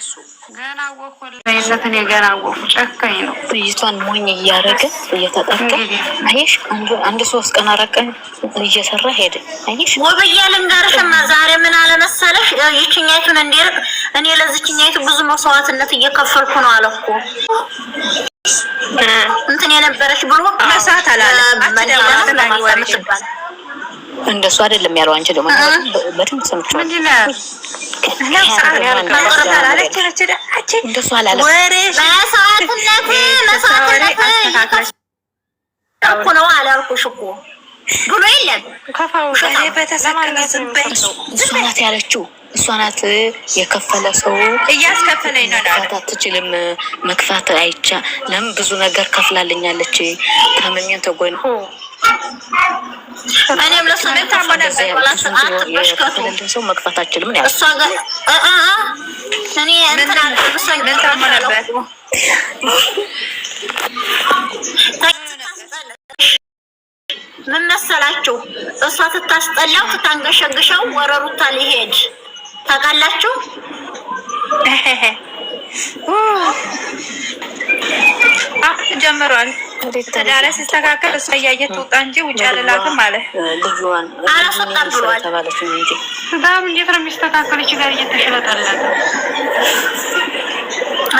እሱ ገና ወኮለትን የገና ወቁ ጨካኝ ነው። ልጅቷን ሞኝ እያደረገ እየተጠቀ አየሽ፣ አንድ ሶስት ቀን አራት እየሰራ ሄደ። አየሽ፣ ወብያ ልንገርሽማ ዛሬ ምን አለመሰለሽ፣ ይችኛይቱን እንዲርቅ እኔ ለዚችኛይቱ ብዙ መስዋዕትነት እየከፈልኩ ነው አለ እንትን የነበረች ብሎ መሳት አላለ እንደሱ አይደለም ያለው። አንቺ ደግሞ በደንብ ሰምቼዋለሁ ነው አላልኩሽ እኮ ብሎ የለም ከፋው ቤተሰብ ዝም በይ እሷ ናት ያለችው። እሷ ናት የከፈለ ሰው እያስከፈለ ነው። መክፋት አትችልም። መክፋት አይቻ ለምን ብዙ ነገር ከፍላልኛለች። ታመሜን ተጎይነ እኔም ለሱ ሰው መክፋት አችልም ያለ ምን መሰላችሁ? እሷ ትታስጠላው ትታንገሸግሸው ወረሩታ ሊሄድ ታውቃላችሁ። ጀምሯል ተዳረ ሲስተካከል እሷ እያየት ውጣ እንጂ ውጭ አልላክም ማለት አላስወጣም ብሏል። በጣም እንዴት ነው የሚስተካከል? እች ጋር እየተሽለጠላት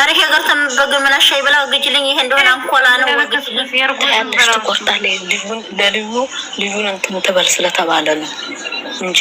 አሪፍ የገር በግምና ብላ ወግጅልኝ። ይሄ እንደሆነ አንኮላ ነው ልዩ ልዩ ልዩን እንትን ትበል ስለተባለ ነው እንጂ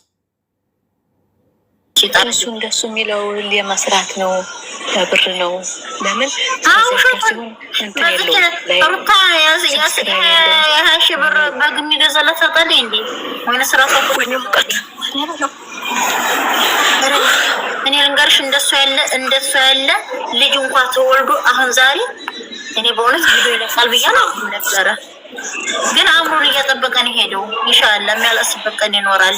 እሱ እንደሱ የሚለው የመስራት ነው ብር ነው። ለምን ብር በግ የሚገዛ ላታጣል እንዴ? እኔ ልንገርሽ እንደሱ ያለ እንደሱ ያለ ልጅ እንኳ ተወልዶ አሁን ዛሬ እኔ በእውነት ቪዲዮ ይለቃል ብያ ነው ነበረ፣ ግን አእምሮን እያጠበቀን ሄደው ይሻላል። የሚያለቅስበት ቀን ይኖራል።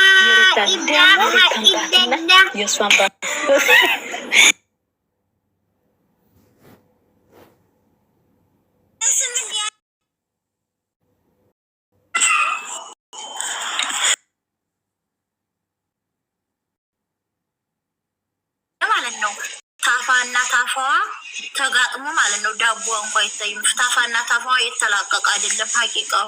ማለት ነው። ታፋና ታፋዋ ተጋጥሞ ማለት ነው። ዳቦ እንኳ ታፋ ታፋና ታፋዋ የተላቀቀ አይደለም ሀቂቃው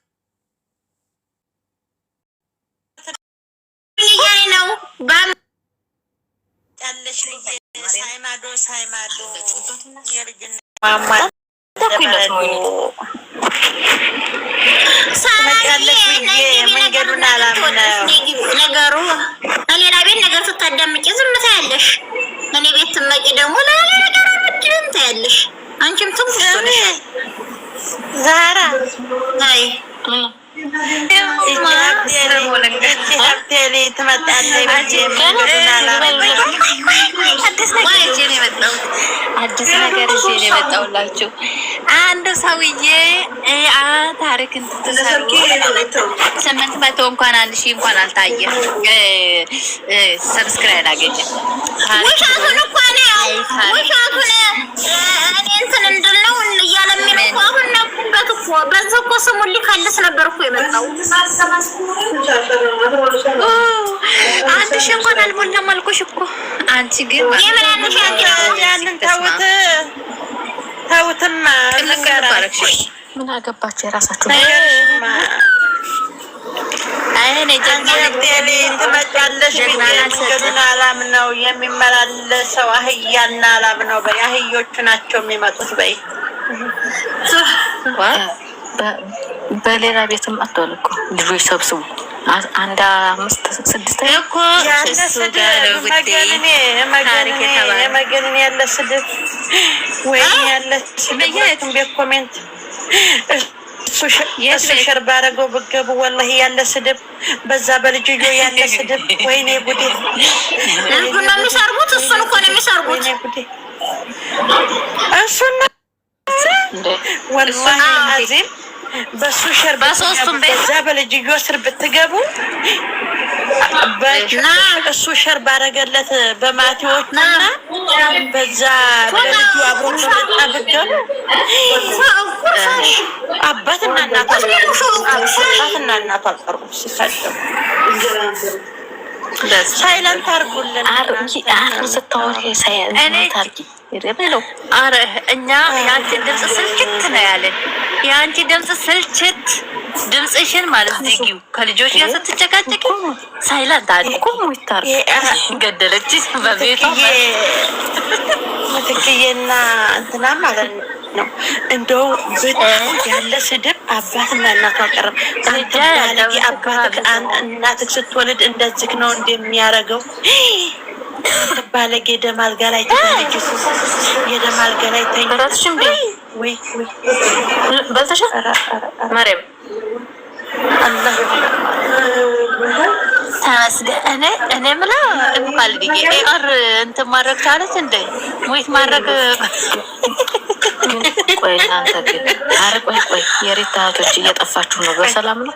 ያለሽ ልጅ ነገሩ በሌላ ቤት ነገር ስታዳምጪ ዝም ታያለሽ። እኔ ቤት ትመጪ ደግሞ ለሌላ ነገር ምድም ታያለሽ። አንቺም ትንሽ ዛራ አይ አዲስ ነገር እዚህ የመጣሁላችሁ። አንድ ሰውዬ ታሪክ እንትትሰሩ ስምንት መቶ እንኳን አንድ ሺህ እንኳን አልታየም፣ ሰብስክራይብ አላገኘም። እያለ የሚል እኮ አሁን ነቁበት እኮ በዚህ እኮ ስሙን ሊከልስ ነበር እኮ የመጣው። አንድ ሺህ እንኳን አልሞላም አልኩሽ እኮ አንቺ ግን ያንን ተውት ተውትማ፣ ልንገራችሁ ምን አገባችሁ የራሳችሁ አላም ነው የሚመላለሰው። አህያና አላም ነው በይ። አህዮቹ ናቸው የሚመጡት በይ በሌላ ቤት አትሆን እኮ ልጆች ሰብስቡ አንድ አምስት ስድስት እኮ መገንን ያለ ስድብ ወይም ያለ ስድብ ቤት ኮሜንት እሱ ባረገው ብገቡ ወላሂ ያለ ስድብ በዛ በልጅዮ ያለ ስድብ። ወይኔ ጉዴ! ነው እሱን እኮ ነው የሚሰርጉት። እሱን ነው በሱ ብትገቡ እሱ ሸር ባረገለት በማቴዎት እና በዛ በልጁ አብሮ በመጣ ብትገቡ አባትና እናቷ አባትና እናቷ አቀርቡ ሲሳደሙ ሳይለንት አርጉልን። እኛ የአንቺን ድምፅ ስልችት ነው ያለን። የአንቺ ድምፅ ስልችት ድምፅሽን ማለት ዝጊው። ከልጆች ጋር ስትጨቃጨቅ ሳይለንት አለ ገደለች በቤቷ ምትክዬና እንትና ማለት ነው ነው። እንደው በጣም ያለ ስድብ አባትና እናቱ አቀረብ አባት እናትህ ስትወልድ እንደዚህ ነው እንደሚያደርገው ባለጌ የደም አልጋ ላይ ተኝቶ የደም አልጋ ላይ ተኝቶ ማርያም ተመስገን። እኔ እኔ የምለው እንኳን ልጅ ኤአር እንትን ማድረግ ቻለች እንደ ሙይት ማድረግ ቆይ እናንተ ግን ቆይ ቆይ የሪታቶች እየጠፋችሁ ነው፣ በሰላም ነው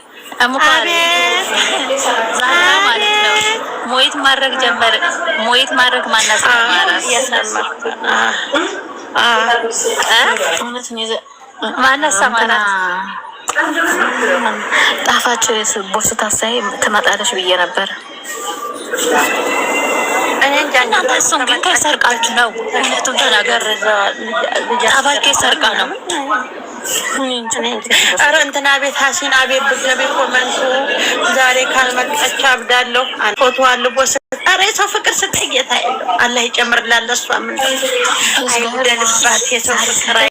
ሞይት ማድረግ ጀመር ሞይት ማድረግ ማናስ ማናሰማናት ጣፋጭ ቦርሱ ታሳይ ትመጣለች ብዬ ነበር። እናንተ እሱን ግን ሰርቃችሁ ነው። እውነቱን ተናገር። ጠባቂ ሰርቃ ነው። ኧረ እንትና ቤት ሀሲን አቤት ብትለቤት ኮመንቱ ዛሬ ካልመጣች አብዳለሁ። ፎቶ አልቦ ኧረ የሰው ፍቅር ስጠይ ጌታ የለው አላህ ይጨምርላለ እሷ ምን አይደልባት የሰው ፍቅር